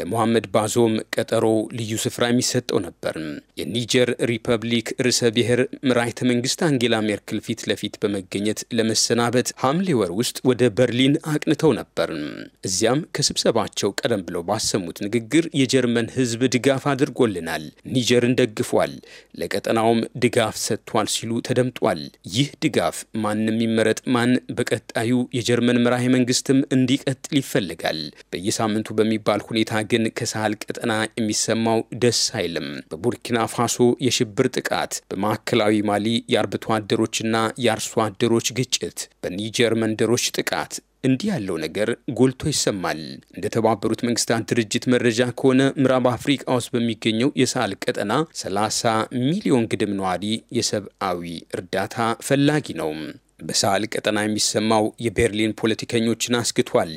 ለሞሐመድ ባዞም ቀጠሮ ልዩ ስፍራ የሚሰጠው ነበር። የኒጀር ሪፐብሊክ ርዕሰ ብሔር መራሒተ መንግስት አንጌላ ሜርክል ፊት ለፊት በመገኘት ለመሰናበት ሐምሌ ወር ውስጥ ወደ በርሊን አቅንተው ነበር። እዚያም ከስብሰባቸው ቀደም ብለው ባሰሙት ንግግር የጀርመን ሕዝብ ድጋፍ አድርጎልናል፣ ኒጀርን ደግፏል፣ ለቀጠናውም ድጋፍ ሰጥቷል ሲሉ ተደምጧል። ይህ ድጋፍ ማንም ይመረጥ ማን በቀጣዩ የጀርመን መራሄ መንግስትም እንዲቀጥል ይፈልጋል። በየሳምንቱ በሚባል ሁኔታ ግን ከሳህል ቀጠና የሚሰማው ደስ አይልም። በቡርኪና ፋሶ የሽብር ጥቃት፣ በማዕከላዊ ማሊ የአርብቶ አደሮችና የአርሶ አደሮች ግጭት፣ በኒጀር መንደሮች ጥቃት እንዲህ ያለው ነገር ጎልቶ ይሰማል። እንደተባበሩት መንግስታት ድርጅት መረጃ ከሆነ ምዕራብ አፍሪቃ ውስጥ በሚገኘው የሳህል ቀጠና 30 ሚሊዮን ግድም ነዋሪ የሰብአዊ እርዳታ ፈላጊ ነው። በሳህል ቀጠና የሚሰማው የቤርሊን ፖለቲከኞችን አስግቷል።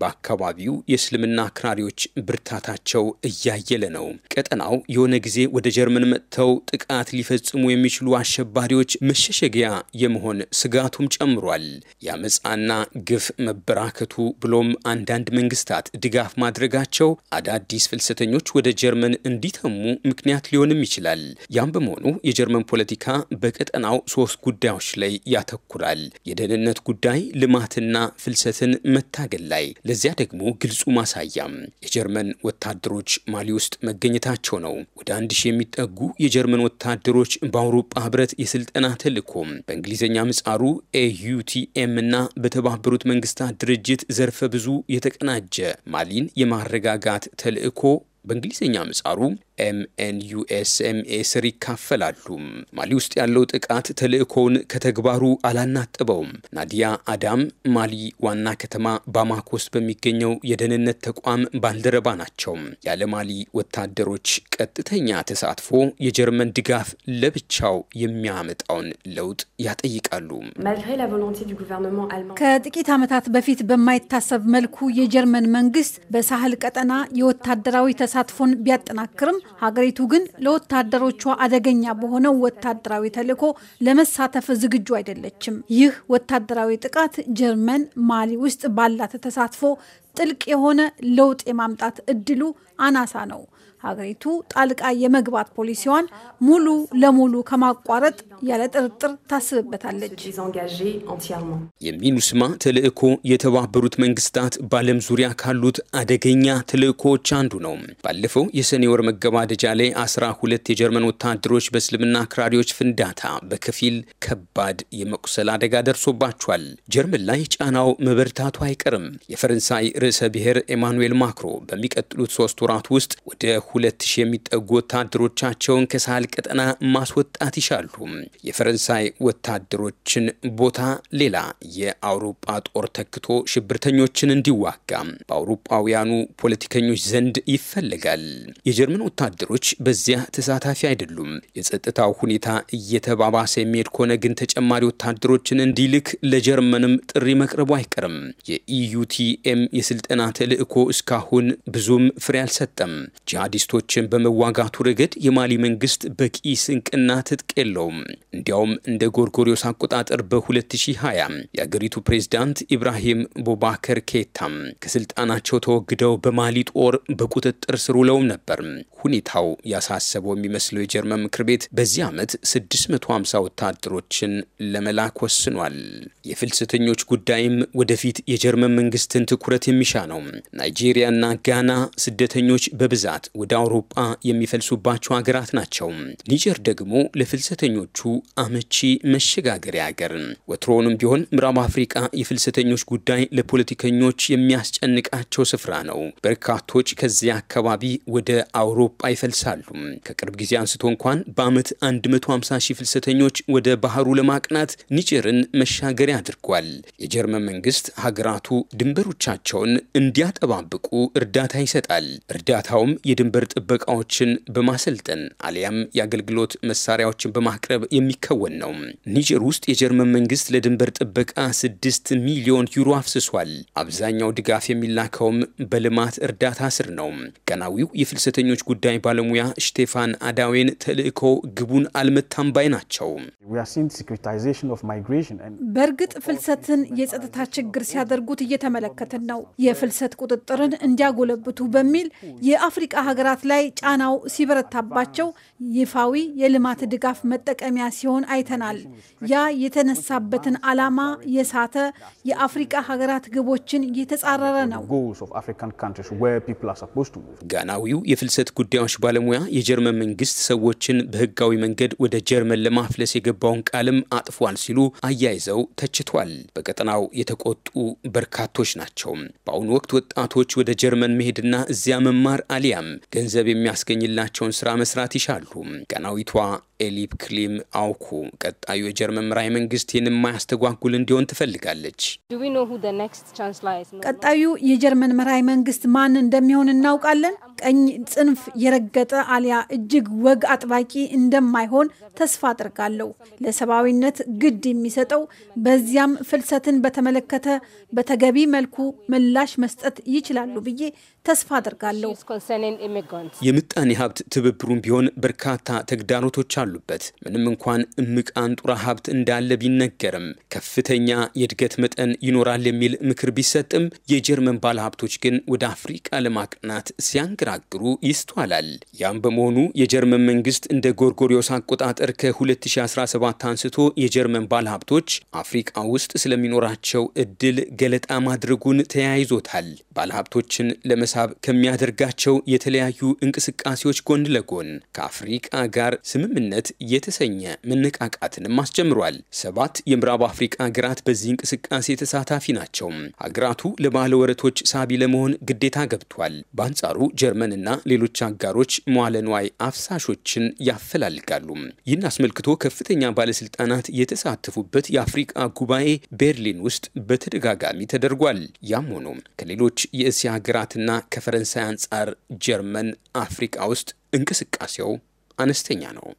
በአካባቢው የእስልምና አክራሪዎች ብርታታቸው እያየለ ነው። ቀጠናው የሆነ ጊዜ ወደ ጀርመን መጥተው ጥቃት ሊፈጽሙ የሚችሉ አሸባሪዎች መሸሸጊያ የመሆን ስጋቱም ጨምሯል። የአመፃና ግፍ መበራከቱ ብሎም አንዳንድ መንግስታት ድጋፍ ማድረጋቸው አዳዲስ ፍልሰተኞች ወደ ጀርመን እንዲተሙ ምክንያት ሊሆንም ይችላል። ያም በመሆኑ የጀርመን ፖለቲካ በቀጠናው ሶስት ጉዳዮች ላይ ያተኩራል ይኖራል። የደህንነት ጉዳይ ልማትና ፍልሰትን መታገል ላይ ለዚያ ደግሞ ግልጹ ማሳያም የጀርመን ወታደሮች ማሊ ውስጥ መገኘታቸው ነው። ወደ አንድ ሺህ የሚጠጉ የጀርመን ወታደሮች በአውሮፓ ህብረት የስልጠና ተልእኮም በእንግሊዝኛ ምጻሩ ኤዩቲኤም እና በተባበሩት መንግስታት ድርጅት ዘርፈ ብዙ የተቀናጀ ማሊን የማረጋጋት ተልእኮ በእንግሊዝኛ ምጻሩ ኤምኤንዩኤስኤምኤ ስር ይካፈላሉ። ማሊ ውስጥ ያለው ጥቃት ተልእኮውን ከተግባሩ አላናጥበውም። ናዲያ አዳም ማሊ ዋና ከተማ ባማኮ ውስጥ በሚገኘው የደህንነት ተቋም ባልደረባ ናቸው። ያለ ማሊ ወታደሮች ቀጥተኛ ተሳትፎ የጀርመን ድጋፍ ለብቻው የሚያመጣውን ለውጥ ያጠይቃሉ። ከጥቂት ዓመታት በፊት በማይታሰብ መልኩ የጀርመን መንግስት በሳህል ቀጠና የወታደራዊ ተሳትፎን ቢያጠናክርም ሀገሪቱ ግን ለወታደሮቿ አደገኛ በሆነው ወታደራዊ ተልዕኮ ለመሳተፍ ዝግጁ አይደለችም። ይህ ወታደራዊ ጥቃት ጀርመን ማሊ ውስጥ ባላት ተሳትፎ ጥልቅ የሆነ ለውጥ የማምጣት እድሉ አናሳ ነው። ሀገሪቱ ጣልቃ የመግባት ፖሊሲዋን ሙሉ ለሙሉ ከማቋረጥ ያለ ጥርጥር ታስብበታለች። የሚኑስማ ተልእኮ የተባበሩት መንግስታት በዓለም ዙሪያ ካሉት አደገኛ ተልእኮዎች አንዱ ነው። ባለፈው የሰኔ ወር መገባደጃ ላይ አስራ ሁለት የጀርመን ወታደሮች በእስልምና አክራሪዎች ፍንዳታ በከፊል ከባድ የመቁሰል አደጋ ደርሶባቸዋል። ጀርመን ላይ ጫናው መበርታቱ አይቀርም። የፈረንሳይ ርዕሰ ብሔር ኤማኑኤል ማክሮ በሚቀጥሉት ሶስት ወራት ውስጥ ወደ ሁለት ሺህ የሚጠጉ ወታደሮቻቸውን ከሳህል ቀጠና ማስወጣት ይሻሉ። የፈረንሳይ ወታደሮችን ቦታ ሌላ የአውሮጳ ጦር ተክቶ ሽብርተኞችን እንዲዋጋ በአውሮጳውያኑ ፖለቲከኞች ዘንድ ይፈለጋል የጀርመን ወታደሮች በዚያ ተሳታፊ አይደሉም። የጸጥታው ሁኔታ እየተባባሰ የሚሄድ ከሆነ ግን ተጨማሪ ወታደሮችን እንዲልክ ለጀርመንም ጥሪ መቅረቡ አይቀርም። የኢዩቲኤም የስልጠና ተልእኮ እስካሁን ብዙም ፍሬ አልሰጠም። ጂሃዲስቶችን በመዋጋቱ ረገድ የማሊ መንግስት በቂ ስንቅና ትጥቅ የለውም። እንዲያውም እንደ ጎርጎሪዮስ አቆጣጠር በ2020 የአገሪቱ ፕሬዝዳንት ኢብራሂም ቦባከር ኬታም ከስልጣናቸው ተወግደው በማሊ ጦር በቁጥጥር ስር ውለውም ነበር። ሁኔታው ያሳሰበው የሚመስለው የጀርመን ምክር ቤት በዚህ ዓመት 650 ወታደሮችን ለመላክ ወስኗል። የፍልሰተኞች ጉዳይም ወደፊት የጀርመን መንግስትን ትኩረት የሚ የሚሻ ነው። ናይጄሪያና ጋና ስደተኞች በብዛት ወደ አውሮጳ የሚፈልሱባቸው ሀገራት ናቸው። ኒጀር ደግሞ ለፍልሰተኞቹ አመቺ መሸጋገሪያ ሀገር። ወትሮውንም ቢሆን ምዕራብ አፍሪቃ የፍልሰተኞች ጉዳይ ለፖለቲከኞች የሚያስጨንቃቸው ስፍራ ነው። በርካቶች ከዚያ አካባቢ ወደ አውሮፓ ይፈልሳሉ። ከቅርብ ጊዜ አንስቶ እንኳን በአመት 150 ሺህ ፍልሰተኞች ወደ ባህሩ ለማቅናት ኒጀርን መሻገሪያ አድርጓል። የጀርመን መንግስት ሀገራቱ ድንበሮቻቸውን እንዲያጠባብቁ እርዳታ ይሰጣል። እርዳታውም የድንበር ጥበቃዎችን በማሰልጠን አሊያም የአገልግሎት መሳሪያዎችን በማቅረብ የሚከወን ነው። ኒጀር ውስጥ የጀርመን መንግስት ለድንበር ጥበቃ ስድስት ሚሊዮን ዩሮ አፍስሷል። አብዛኛው ድጋፍ የሚላከውም በልማት እርዳታ ስር ነው። ቀናዊው የፍልሰተኞች ጉዳይ ባለሙያ ሽቴፋን አዳዌን ተልእኮ ግቡን አልመታም ባይ ናቸው። በእርግጥ ፍልሰትን የጸጥታ ችግር ሲያደርጉት እየተመለከትን ነው። የፍልሰት ቁጥጥርን እንዲያጎለብቱ በሚል የአፍሪቃ ሀገራት ላይ ጫናው ሲበረታባቸው ይፋዊ የልማት ድጋፍ መጠቀሚያ ሲሆን አይተናል። ያ የተነሳበትን ዓላማ የሳተ የአፍሪቃ ሀገራት ግቦችን የተጻረረ ነው። ጋናዊው የፍልሰት ጉዳዮች ባለሙያ የጀርመን መንግስት ሰዎችን በህጋዊ መንገድ ወደ ጀርመን ለማፍለስ የገባውን ቃልም አጥፏል ሲሉ አያይዘው ተችቷል። በቀጠናው የተቆጡ በርካቶች ናቸው። በአሁኑ ወቅት ወጣቶች ወደ ጀርመን መሄድና እዚያ መማር አሊያም ገንዘብ የሚያስገኝላቸውን ስራ መስራት ይሻሉ። ቀናዊቷ ኤሊፕ ክሊም አውኩ ቀጣዩ የጀርመን መራሄ መንግስት ይህን የማያስተጓጉል እንዲሆን ትፈልጋለች። ቀጣዩ የጀርመን መራሄ መንግስት ማን እንደሚሆን እናውቃለን። ቀኝ ጽንፍ የረገጠ አሊያ እጅግ ወግ አጥባቂ እንደማይሆን ተስፋ አድርጋለሁ። ለሰብአዊነት ግድ የሚሰጠው በዚያም ፍልሰትን በተመለከተ በተገቢ መልኩ ምላሽ መስጠት ይችላሉ ብዬ ተስፋ አድርጋለሁ። የምጣኔ ሀብት ትብብሩም ቢሆን በርካታ ተግዳሮቶች አሉበት። ምንም እንኳን እምቅ አንጡራ ሀብት እንዳለ ቢነገርም ከፍተኛ የእድገት መጠን ይኖራል የሚል ምክር ቢሰጥም የጀርመን ባለሀብቶች ግን ወደ አፍሪቃ ለማቅናት ሲያንግራ ሲያናግሩ ይስተዋላል። ያም በመሆኑ የጀርመን መንግስት እንደ ጎርጎሪዮስ አቆጣጠር ከ2017 አንስቶ የጀርመን ባለሀብቶች አፍሪቃ ውስጥ ስለሚኖራቸው እድል ገለጣ ማድረጉን ተያይዞታል። ባለሀብቶችን ለመሳብ ከሚያደርጋቸው የተለያዩ እንቅስቃሴዎች ጎን ለጎን ከአፍሪቃ ጋር ስምምነት የተሰኘ መነቃቃትንም አስጀምሯል። ሰባት የምዕራብ አፍሪቃ ሀገራት በዚህ እንቅስቃሴ ተሳታፊ ናቸው። ሀገራቱ ለባለወረቶች ሳቢ ለመሆን ግዴታ ገብቷል። በአንጻሩ ጀርመን የመንና ሌሎች አጋሮች መዋለንዋይ አፍሳሾችን ያፈላልጋሉ። ይህን አስመልክቶ ከፍተኛ ባለስልጣናት የተሳተፉበት የአፍሪቃ ጉባኤ ቤርሊን ውስጥ በተደጋጋሚ ተደርጓል። ያም ሆኖ ከሌሎች የእስያ ሀገራትና ከፈረንሳይ አንጻር ጀርመን አፍሪቃ ውስጥ እንቅስቃሴው አነስተኛ ነው።